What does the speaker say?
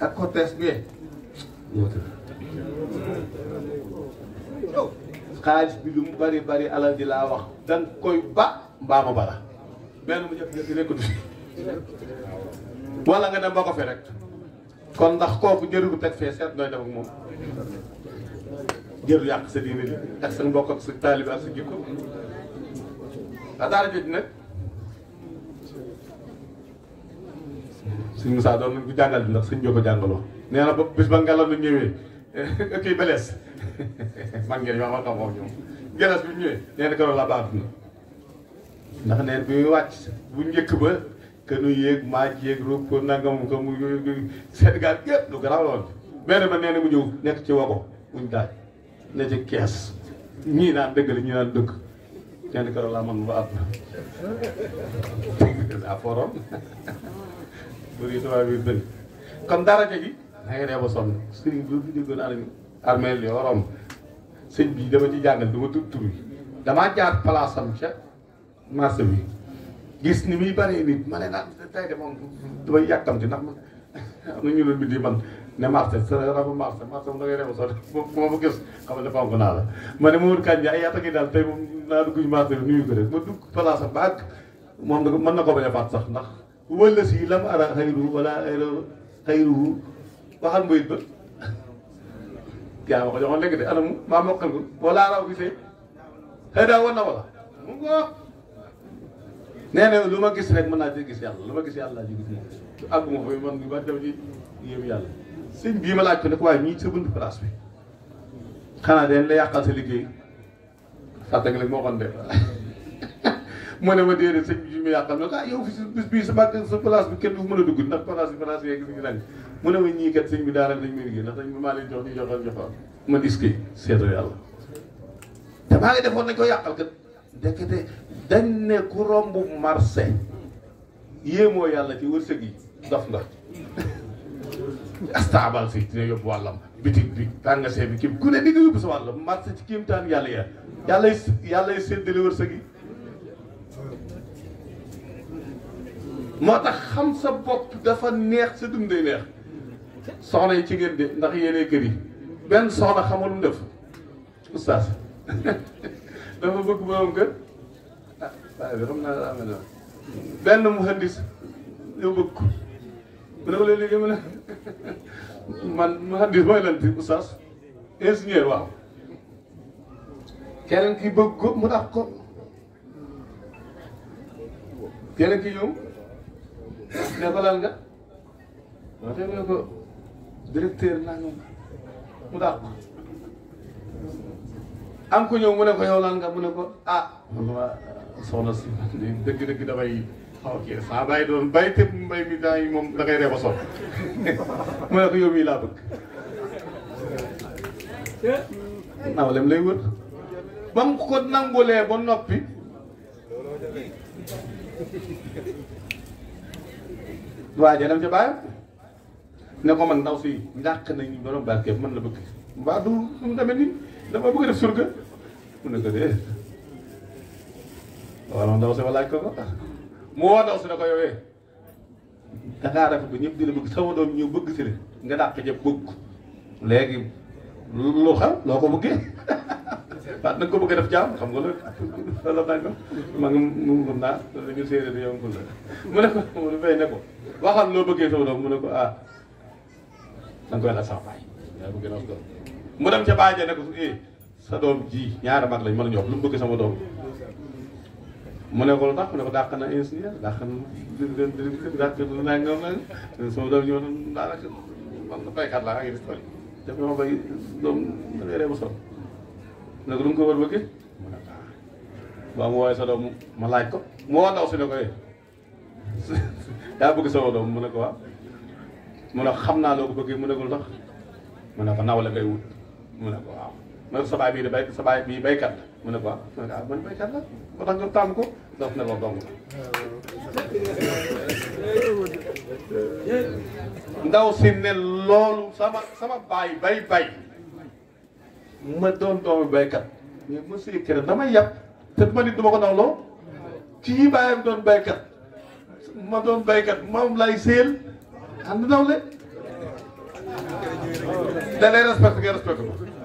ak cortège bi ñëw xaalis bi lu mu bari bari alal di laa wax danga koy ba mbaama bara benn mu jëkk-jëkk nekk du fi wala nga dem ba ko rek kon ndax kooku jëru bu teg fee seet nooy def ak moom jëru yàq sa diine ak sa mbokk ak sa taalibe ak sa jikko a daara jot nag sëñ sa doon nañ ko jàngal ndax sëñ joko jangalo neena ba bis ba ngelaw lu ñëwee eh, kii beles man ngeen yoo xam xam wax ñoom gelas bu ñewé neena ko la baatu ndax neen bu bi bu ñeek ba kënu yéeg maaj yéeg ru ko nangam ko mu Sénégal yëpp lu graw lool benn ba neena mu ñëw nekk ci wago buñ daaj ne ci kess ñi naan deug li ñu naan dëgg nee ko la man ba ab mbër yi tubaab yi bëri kon daraja ji da ngay dee ba sonn sëriñ bi fi déggoon armi armeel li waroon sëñ bi dama ci jàngal dama tudd tur yi damaa jaar place am ca marché bi gis ni muy ne naan tey de moom damay yàkkamti ndax man am na ñu doon bindi man ne marché sa rabu marché marché moom da ngay dee ba sonn bu ma fa wala si lam ara xayruhu wala xayruhu waxal mbayit ba yaa ma ko joxoon léegi de anamu maa mokkal ko wala raw gisee xëy daa na wala mu ngoo nee na lu ma gis rek mën naa ci gis yàlla lu ma gis yàlla laa ci gis àggu ma foofu man ba dem ci yéem yàlla sëñ bii ma laaj ko ne ko waaye ñii sa bunt place bi xanaa dañ la yàqal sa liggéey fàtte nga moo xoon de mu ne ma déedéet sëñ bi mu yàqal ah, yow fi bis bii sa bi kenn du mën a dugg ndax place bi place yeeg ñu nag mu ne ma ñii kat sëñ bi daanaka dañ may liggéey ndax dañ maa leen jox ñu joxoon joxoon ma disque seetlu yàlla te maa ko yàqal kat ndekete ne ku romb marché yéemoo yàlla ci wërsëg yi dof nga astaabal si dina yóbbu wàllam bitig bi tàngasee bi kii ku ne di nga yóbbu sa wàllam marché ci kéemtaan ya yàlla yàlla séddale wërsëg yi moo tax xam sa bopp dafa neex sa dundee neex soxna yi ci ngeen de ndax yéenee kër yi benn soxna xamul mu def oustaz dafa bëgg borom kër ah waaye bi xam naa daa mel benn muhaddis mu ne ko léegi mu ne man muhaddis mooy lan fi oustaz ingénieur waaw ki bëgg mu tax ko ki ñëw ne ko lan nga moo tax ne ko directeur naa mu dàq am mu ne ko yow lan nga mu ne ko ah soxna si dëgg-dëgg damay xaw kii doon bàyyi te mbay mi temps yi moom da ngay dee ba sol mu ne ko yow mii laa bëgg nawlem lay wër ba mu ko nangulee ba noppi waa ja dem ca bàyyam ne ko man ndaw si ñàkk nañu borom barke man la bëgg waa du mu demee nii dama bëgg def surga mu ne ko dee wala ndaw si ma laaj ko ko mu ndaw si ne ko yowee eh, dangaa rafet ba ñëpp dina bëgg sama doom ñëw bëgg si la nga dàq ñëpp bëgg léegi lu xew loo ko bëggee waaw na ko bëgg a def jaam xam nga loolu la bañ ma ma nga mum naa dañu séeréer di yow mu ne ko mu fay ne loo bëggee soo doom mu ne ko ah da nga koy laaj sama baay yaa bëgg na mu dem ca baay ja ne ko sa doom ji ñaari mag lañ mën a ñor lu bëgg sama doom mu ne ko lu tax mu ne ko dàq na ingénieur dàq na daq na nangam nag sama doom ñëw na daanaka man baykat laa ngi def doom daf ma bay doom da ngay sol nag lu mu ko war bëgge mu ne baax baa mu wooye sa doom ma laaj ko mu woo ndaw si ne ko yee eh. daa bëgg sama doom mu ne ko waaw mu ne xam naa loo ko bëggee mu ne ko lu tax mu ne ko naw la ngay wut mu ko sa baay bii de bay sa baay bii baykat la mu ne ko waaw mu ko ah man baykat la ba tax nga tànn ko daf ne dong ndaw si ne loolu sama sama baay bay bay ma doon doomu baykat mais monsieur Kéré damay yàpp te ma nit duma ko nawloo kii bàyyam doon baykat ma doon baykat moom lay séel ànd nawle da lay respecté nga respecté